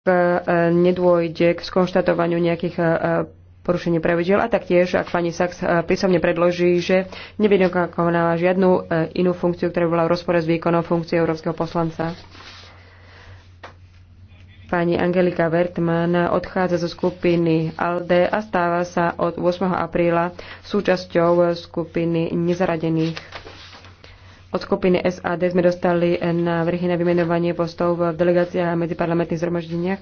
E, nedôjde k skonštatovaniu nejakých e, porušení pravidel a taktiež, ak pani Sachs e, písomne predloží, že nevykonáva žiadnu inú funkciu, ktorá bola v rozpore s výkonom funkcie európskeho poslanca. Pani Angelika Wertmann odchádza zo skupiny ALDE a stáva sa od 8. apríla súčasťou skupiny nezaradených. Od skupiny SAD sme dostali návrhy na vymenovanie postov v delegáciách a medziparlamentných zhromaždeniach.